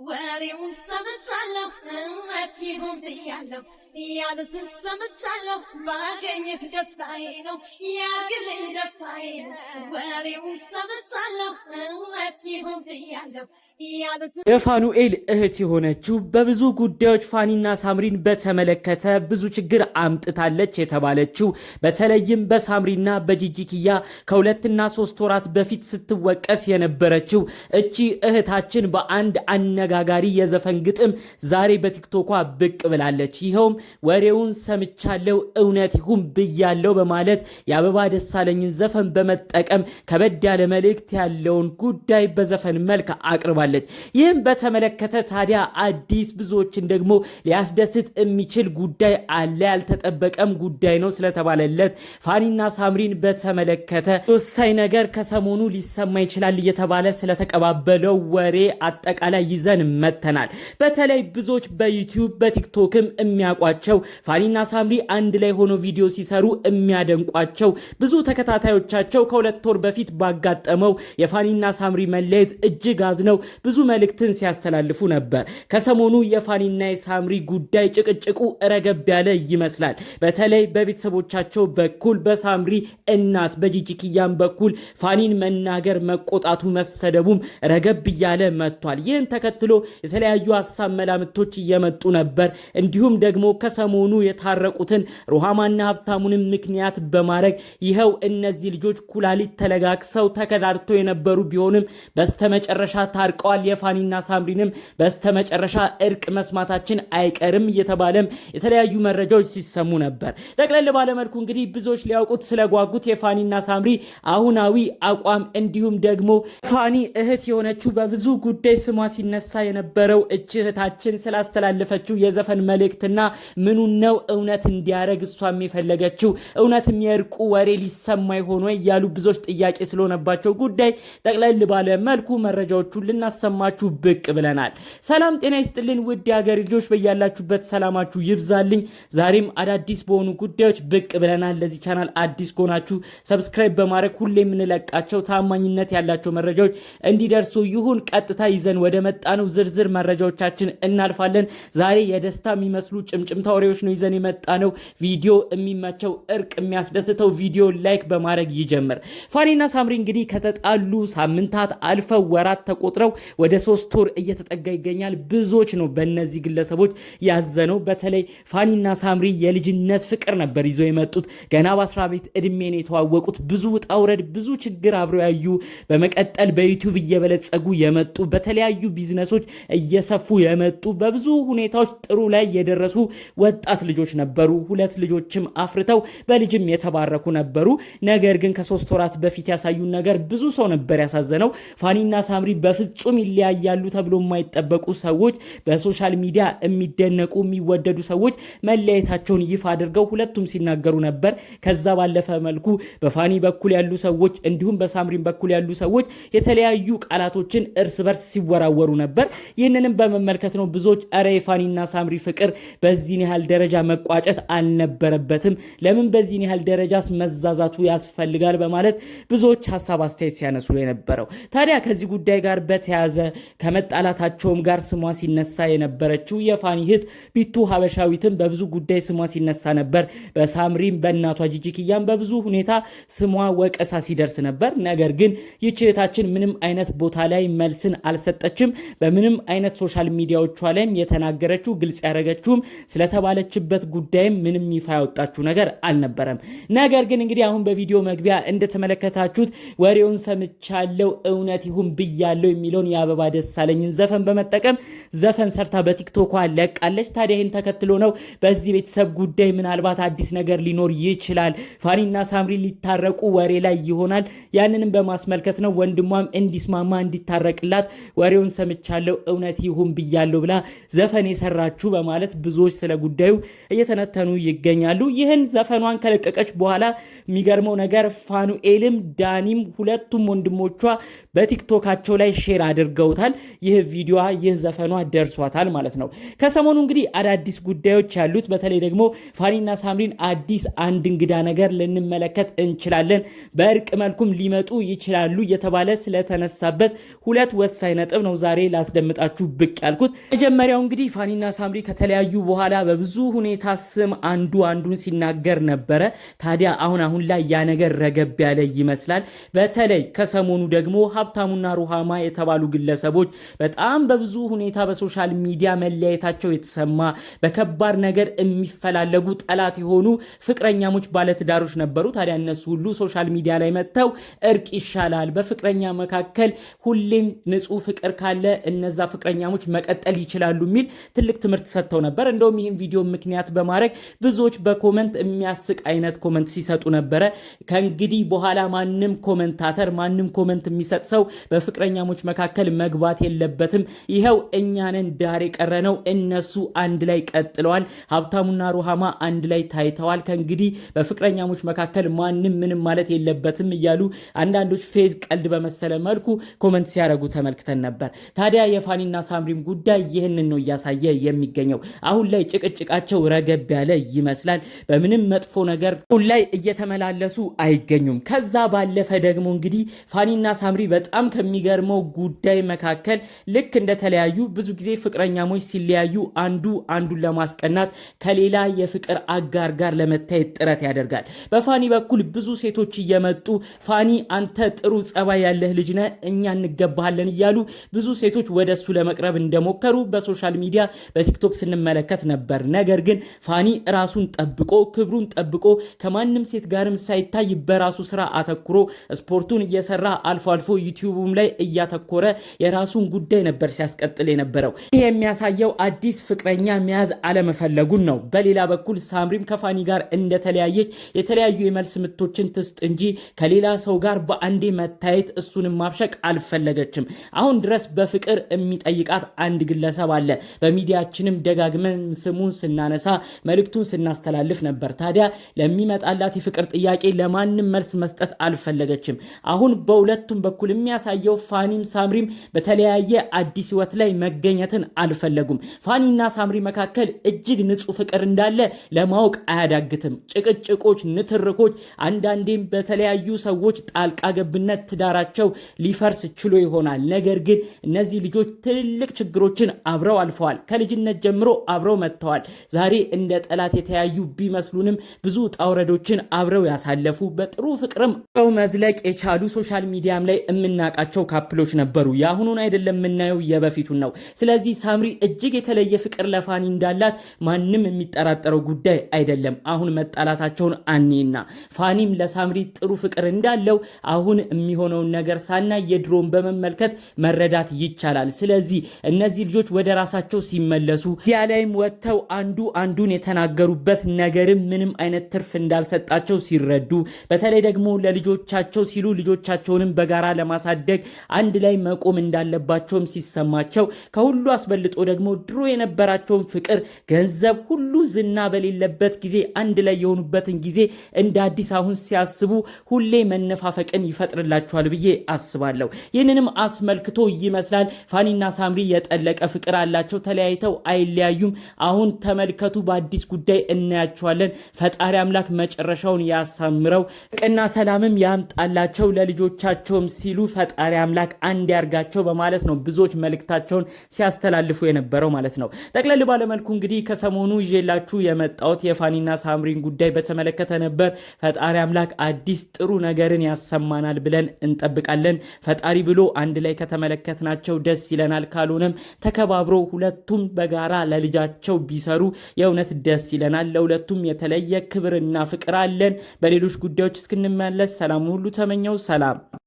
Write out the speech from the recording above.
واري ونصمت على خدمتي بوضيالو ያሉትን ሰምቻለሁ። ባገኘህ ደስታዬ ነው ደስታዬ ነው ወሬውን ሰምቻለሁ። እውነት ይሁን ብያለሁ። የፋኑኤል እህት የሆነችው በብዙ ጉዳዮች ፋኒና ሳምሪን በተመለከተ ብዙ ችግር አምጥታለች የተባለችው በተለይም በሳምሪና በጂጂኪያ ከሁለትና ሶስት ወራት በፊት ስትወቀስ የነበረችው እቺ እህታችን በአንድ አነጋጋሪ የዘፈን ግጥም ዛሬ በቲክቶኳ ብቅ ብላለች። ይኸውም ወሬውን ሰምቻለው እውነት ይሁን ብያለው በማለት የአበባ ደሳለኝን ዘፈን በመጠቀም ከበድ ያለ መልእክት ያለውን ጉዳይ በዘፈን መልክ አቅርባለች። ይህም በተመለከተ ታዲያ አዲስ ብዙዎችን ደግሞ ሊያስደስት የሚችል ጉዳይ አለ፣ ያልተጠበቀም ጉዳይ ነው ስለተባለለት ፋኒና ሳምሪን በተመለከተ ወሳኝ ነገር ከሰሞኑ ሊሰማ ይችላል እየተባለ ስለተቀባበለው ወሬ አጠቃላይ ይዘን መተናል። በተለይ ብዙዎች በዩቲዩብ በቲክቶክም የሚያቋ የሚያደንቋቸው ፋኒና ሳምሪ አንድ ላይ ሆኖ ቪዲዮ ሲሰሩ የሚያደንቋቸው ብዙ ተከታታዮቻቸው ከሁለት ወር በፊት ባጋጠመው የፋኒና ሳምሪ መለየት እጅግ አዝነው ብዙ መልእክትን ሲያስተላልፉ ነበር። ከሰሞኑ የፋኒና የሳምሪ ጉዳይ ጭቅጭቁ ረገብ ያለ ይመስላል። በተለይ በቤተሰቦቻቸው በኩል በሳምሪ እናት በጂጂክያን በኩል ፋኒን መናገር መቆጣቱ፣ መሰደቡም ረገብ እያለ መጥቷል። ይህን ተከትሎ የተለያዩ ሀሳብ መላምቶች እየመጡ ነበር። እንዲሁም ደግሞ ከሰሞኑ የታረቁትን ሩሃማና ሀብታሙንም ምክንያት በማድረግ ይኸው እነዚህ ልጆች ኩላሊት ተለጋግሰው ተከዳድተው የነበሩ ቢሆንም በስተመጨረሻ ታርቀዋል። የፋኒና ሳምሪንም በስተመጨረሻ እርቅ መስማታችን አይቀርም እየተባለም የተለያዩ መረጃዎች ሲሰሙ ነበር። ጠቅለል ባለመልኩ እንግዲህ ብዙዎች ሊያውቁት ስለጓጉት የፋኒና ሳምሪ አሁናዊ አቋም እንዲሁም ደግሞ ፋኒ እህት የሆነችው በብዙ ጉዳይ ስሟ ሲነሳ የነበረው እች እህታችን ስላስተላለፈችው የዘፈን መልእክትና ምኑን ነው እውነት እንዲያደረግ እሷ የፈለገችው? እውነትም የእርቁ ወሬ ሊሰማ ይሆን ወይ ብዙዎች ጥያቄ ስለሆነባቸው ጉዳይ ጠቅለል ባለ መልኩ መረጃዎቹን ልናሰማችሁ ብቅ ብለናል። ሰላም ጤና ይስጥልን ውድ የሀገር ልጆች በያላችሁበት ሰላማችሁ ይብዛልኝ። ዛሬም አዳዲስ በሆኑ ጉዳዮች ብቅ ብለናል። ለዚህ ቻናል አዲስ ከሆናችሁ ሰብስክራይብ በማድረግ ሁሌ የምንለቃቸው ታማኝነት ያላቸው መረጃዎች እንዲደርሱ ይሁን። ቀጥታ ይዘን ወደ መጣነው ዝርዝር መረጃዎቻችን እናልፋለን። ዛሬ የደስታ የሚመስሉ ጭምጭ ጭምጭምታ ወሬዎች ነው ይዘን የመጣ ነው። ቪዲዮ የሚመቸው እርቅ የሚያስደስተው ቪዲዮ ላይክ በማድረግ ይጀምር። ፋኒና ሳምሪ እንግዲህ ከተጣሉ ሳምንታት አልፈው ወራት ተቆጥረው ወደ ሶስት ወር እየተጠጋ ይገኛል። ብዙዎች ነው በእነዚህ ግለሰቦች ያዘነው። በተለይ ፋኒና ሳምሪ የልጅነት ፍቅር ነበር ይዘው የመጡት። ገና በአስራ ቤት እድሜን የተዋወቁት ብዙ ውጣ ውረድ፣ ብዙ ችግር አብረው ያዩ፣ በመቀጠል በዩቲዩብ እየበለጸጉ የመጡ በተለያዩ ቢዝነሶች እየሰፉ የመጡ በብዙ ሁኔታዎች ጥሩ ላይ የደረሱ ወጣት ልጆች ነበሩ። ሁለት ልጆችም አፍርተው በልጅም የተባረኩ ነበሩ። ነገር ግን ከሶስት ወራት በፊት ያሳዩን ነገር ብዙ ሰው ነበር ያሳዘነው። ፋኒና ሳምሪ በፍጹም ይለያያሉ ተብሎ የማይጠበቁ ሰዎች፣ በሶሻል ሚዲያ የሚደነቁ የሚወደዱ ሰዎች መለያየታቸውን ይፋ አድርገው ሁለቱም ሲናገሩ ነበር። ከዛ ባለፈ መልኩ በፋኒ በኩል ያሉ ሰዎች እንዲሁም በሳምሪን በኩል ያሉ ሰዎች የተለያዩ ቃላቶችን እርስ በርስ ሲወራወሩ ነበር። ይህንንም በመመልከት ነው ብዙዎች ኧረ የፋኒና ሳምሪ ፍቅር በዚህ በዚህን ያህል ደረጃ መቋጨት አልነበረበትም። ለምን በዚህን ያህል ደረጃስ መዛዛቱ ያስፈልጋል? በማለት ብዙዎች ሀሳብ አስተያየት ሲያነሱ የነበረው ታዲያ ከዚህ ጉዳይ ጋር በተያዘ ከመጣላታቸውም ጋር ስሟ ሲነሳ የነበረችው የፋኒ እህት ቢቱ ሀበሻዊትም በብዙ ጉዳይ ስሟ ሲነሳ ነበር። በሳምሪም በእናቷ ጂጂክያም በብዙ ሁኔታ ስሟ ወቀሳ ሲደርስ ነበር። ነገር ግን ይህች እህታችን ምንም አይነት ቦታ ላይ መልስን አልሰጠችም። በምንም አይነት ሶሻል ሚዲያዎቿ ላይም የተናገረችው ግልጽ ያደረገችውም ስለ ስለተባለችበት ጉዳይም ምንም ይፋ ያወጣችው ነገር አልነበረም። ነገር ግን እንግዲህ አሁን በቪዲዮ መግቢያ እንደተመለከታችሁት ወሬውን ሰምቻለው እውነት ይሁን ብያለው የሚለውን የአበባ ደሳለኝን ዘፈን በመጠቀም ዘፈን ሰርታ በቲክቶኳ ለቃለች። ታዲያ ይህን ተከትሎ ነው በዚህ ቤተሰብ ጉዳይ ምናልባት አዲስ ነገር ሊኖር ይችላል፣ ፋኒና ሳምሪ ሊታረቁ ወሬ ላይ ይሆናል። ያንንም በማስመልከት ነው ወንድሟም እንዲስማማ እንዲታረቅላት ወሬውን ሰምቻለው እውነት ይሁን ብያለው ብላ ዘፈን የሰራችሁ በማለት ብዙዎች ስለ ስለ ጉዳዩ እየተነተኑ ይገኛሉ። ይህን ዘፈኗን ከለቀቀች በኋላ የሚገርመው ነገር ፋኑኤልም ዳኒም ሁለቱም ወንድሞቿ በቲክቶካቸው ላይ ሼር አድርገውታል። ይህ ቪዲዮዋ ይህ ዘፈኗ ደርሷታል ማለት ነው። ከሰሞኑ እንግዲህ አዳዲስ ጉዳዮች ያሉት በተለይ ደግሞ ፋኒና ሳምሪን አዲስ አንድ እንግዳ ነገር ልንመለከት እንችላለን፣ በእርቅ መልኩም ሊመጡ ይችላሉ እየተባለ ስለተነሳበት ሁለት ወሳኝ ነጥብ ነው ዛሬ ላስደምጣችሁ ብቅ ያልኩት። መጀመሪያው እንግዲህ ፋኒና ሳምሪ ከተለያዩ በኋላ በብዙ ሁኔታ ስም አንዱ አንዱን ሲናገር ነበረ። ታዲያ አሁን አሁን ላይ ያ ነገር ረገብ ያለ ይመስላል። በተለይ ከሰሞኑ ደግሞ ሀብታሙና ሩሃማ የተባሉ ግለሰቦች በጣም በብዙ ሁኔታ በሶሻል ሚዲያ መለያየታቸው የተሰማ በከባድ ነገር የሚፈላለጉ ጠላት የሆኑ ፍቅረኛሞች ባለትዳሮች ነበሩ። ታዲያ እነሱ ሁሉ ሶሻል ሚዲያ ላይ መጥተው እርቅ ይሻላል፣ በፍቅረኛ መካከል ሁሌም ንጹህ ፍቅር ካለ እነዛ ፍቅረኛሞች መቀጠል ይችላሉ የሚል ትልቅ ትምህርት ሰጥተው ነበር። እንደውም ይህ ይህን ቪዲዮ ምክንያት በማድረግ ብዙዎች በኮመንት የሚያስቅ አይነት ኮመንት ሲሰጡ ነበረ። ከእንግዲህ በኋላ ማንም ኮመንታተር፣ ማንም ኮመንት የሚሰጥ ሰው በፍቅረኛሞች መካከል መግባት የለበትም። ይኸው እኛንን ዳር የቀረ ነው። እነሱ አንድ ላይ ቀጥለዋል። ሀብታሙና ሩሃማ አንድ ላይ ታይተዋል። ከእንግዲህ በፍቅረኛሞች መካከል ማንም ምንም ማለት የለበትም እያሉ አንዳንዶች ፌዝ ቀልድ በመሰለ መልኩ ኮመንት ሲያደርጉ ተመልክተን ነበር። ታዲያ የፋኒና ሳምሪም ጉዳይ ይህንን ነው እያሳየ የሚገኘው አሁን ላይ ጭቅጭቃቸው ረገብ ያለ ይመስላል። በምንም መጥፎ ነገር ላይ እየተመላለሱ አይገኙም። ከዛ ባለፈ ደግሞ እንግዲህ ፋኒና ሳምሪ በጣም ከሚገርመው ጉዳይ መካከል ልክ እንደተለያዩ ብዙ ጊዜ ፍቅረኛሞች ሲለያዩ አንዱ አንዱን ለማስቀናት ከሌላ የፍቅር አጋር ጋር ለመታየት ጥረት ያደርጋል። በፋኒ በኩል ብዙ ሴቶች እየመጡ ፋኒ አንተ ጥሩ ጸባይ ያለህ ልጅ ነህ፣ እኛ እንገባሃለን እያሉ ብዙ ሴቶች ወደሱ ለመቅረብ እንደሞከሩ በሶሻል ሚዲያ በቲክቶክ ስንመለከት ነበር። ነበር። ነገር ግን ፋኒ ራሱን ጠብቆ ክብሩን ጠብቆ ከማንም ሴት ጋርም ሳይታይ በራሱ ስራ አተኩሮ ስፖርቱን እየሰራ አልፎ አልፎ ዩቲዩብም ላይ እያተኮረ የራሱን ጉዳይ ነበር ሲያስቀጥል የነበረው። ይህ የሚያሳየው አዲስ ፍቅረኛ መያዝ አለመፈለጉን ነው። በሌላ በኩል ሳምሪም ከፋኒ ጋር እንደተለያየች የተለያዩ የመልስ ምቶችን ትስጥ እንጂ ከሌላ ሰው ጋር በአንዴ መታየት እሱንም ማብሸቅ አልፈለገችም። አሁን ድረስ በፍቅር የሚጠይቃት አንድ ግለሰብ አለ። በሚዲያችንም ደጋግመን ስሙን ስናነሳ መልእክቱን ስናስተላልፍ ነበር። ታዲያ ለሚመጣላት የፍቅር ጥያቄ ለማንም መልስ መስጠት አልፈለገችም። አሁን በሁለቱም በኩል የሚያሳየው ፋኒም ሳምሪም በተለያየ አዲስ ህይወት ላይ መገኘትን አልፈለጉም። ፋኒና ሳምሪ መካከል እጅግ ንጹህ ፍቅር እንዳለ ለማወቅ አያዳግትም። ጭቅጭቆች፣ ንትርኮች፣ አንዳንዴም በተለያዩ ሰዎች ጣልቃ ገብነት ትዳራቸው ሊፈርስ ችሎ ይሆናል። ነገር ግን እነዚህ ልጆች ትልልቅ ችግሮችን አብረው አልፈዋል። ከልጅነት ጀምሮ አብረው መጥተዋል። መጥተዋል። ዛሬ እንደ ጠላት የተያዩ ቢመስሉንም ብዙ ጣውረዶችን አብረው ያሳለፉ በጥሩ ፍቅርም ው መዝለቅ የቻሉ ሶሻል ሚዲያም ላይ የምናውቃቸው ካፕሎች ነበሩ። የአሁኑን አይደለም የምናየው የበፊቱን ነው። ስለዚህ ሳምሪ እጅግ የተለየ ፍቅር ለፋኒ እንዳላት ማንም የሚጠራጠረው ጉዳይ አይደለም። አሁን መጣላታቸውን አኔና ፋኒም ለሳምሪ ጥሩ ፍቅር እንዳለው አሁን የሚሆነውን ነገር ሳና የድሮን በመመልከት መረዳት ይቻላል። ስለዚህ እነዚህ ልጆች ወደ ራሳቸው ሲመለሱ ያ ላይም ወጥተው ተወያይተው አንዱ አንዱን የተናገሩበት ነገርም ምንም አይነት ትርፍ እንዳልሰጣቸው ሲረዱ፣ በተለይ ደግሞ ለልጆቻቸው ሲሉ ልጆቻቸውንም በጋራ ለማሳደግ አንድ ላይ መቆም እንዳለባቸውም ሲሰማቸው፣ ከሁሉ አስበልጦ ደግሞ ድሮ የነበራቸውን ፍቅር፣ ገንዘብ፣ ሁሉ ዝና በሌለበት ጊዜ አንድ ላይ የሆኑበትን ጊዜ እንደ አዲስ አሁን ሲያስቡ ሁሌ መነፋፈቅን ይፈጥርላቸዋል ብዬ አስባለሁ። ይህንንም አስመልክቶ ይመስላል ፋኒና ሳምሪ የጠለቀ ፍቅር አላቸው፣ ተለያይተው አይለያዩም አሁን አሁን ተመልከቱ። በአዲስ ጉዳይ እናያቸዋለን። ፈጣሪ አምላክ መጨረሻውን ያሳምረው፣ ቅና ሰላምም ያምጣላቸው፣ ለልጆቻቸውም ሲሉ ፈጣሪ አምላክ አንድ ያርጋቸው በማለት ነው ብዙዎች መልእክታቸውን ሲያስተላልፉ የነበረው ማለት ነው። ጠቅለል ባለመልኩ እንግዲህ ከሰሞኑ ይዤላችሁ የመጣሁት የፋኒና ሳምሪን ጉዳይ በተመለከተ ነበር። ፈጣሪ አምላክ አዲስ ጥሩ ነገርን ያሰማናል ብለን እንጠብቃለን። ፈጣሪ ብሎ አንድ ላይ ከተመለከትናቸው ደስ ይለናል። ካልሆነም ተከባብሮ ሁለቱም በጋራ ለልጃቸው ቢሰሩ የእውነት ደስ ይለናል። ለሁለቱም የተለየ ክብርና ፍቅር አለን። በሌሎች ጉዳዮች እስክንመለስ ሰላም ሁሉ ተመኘው። ሰላም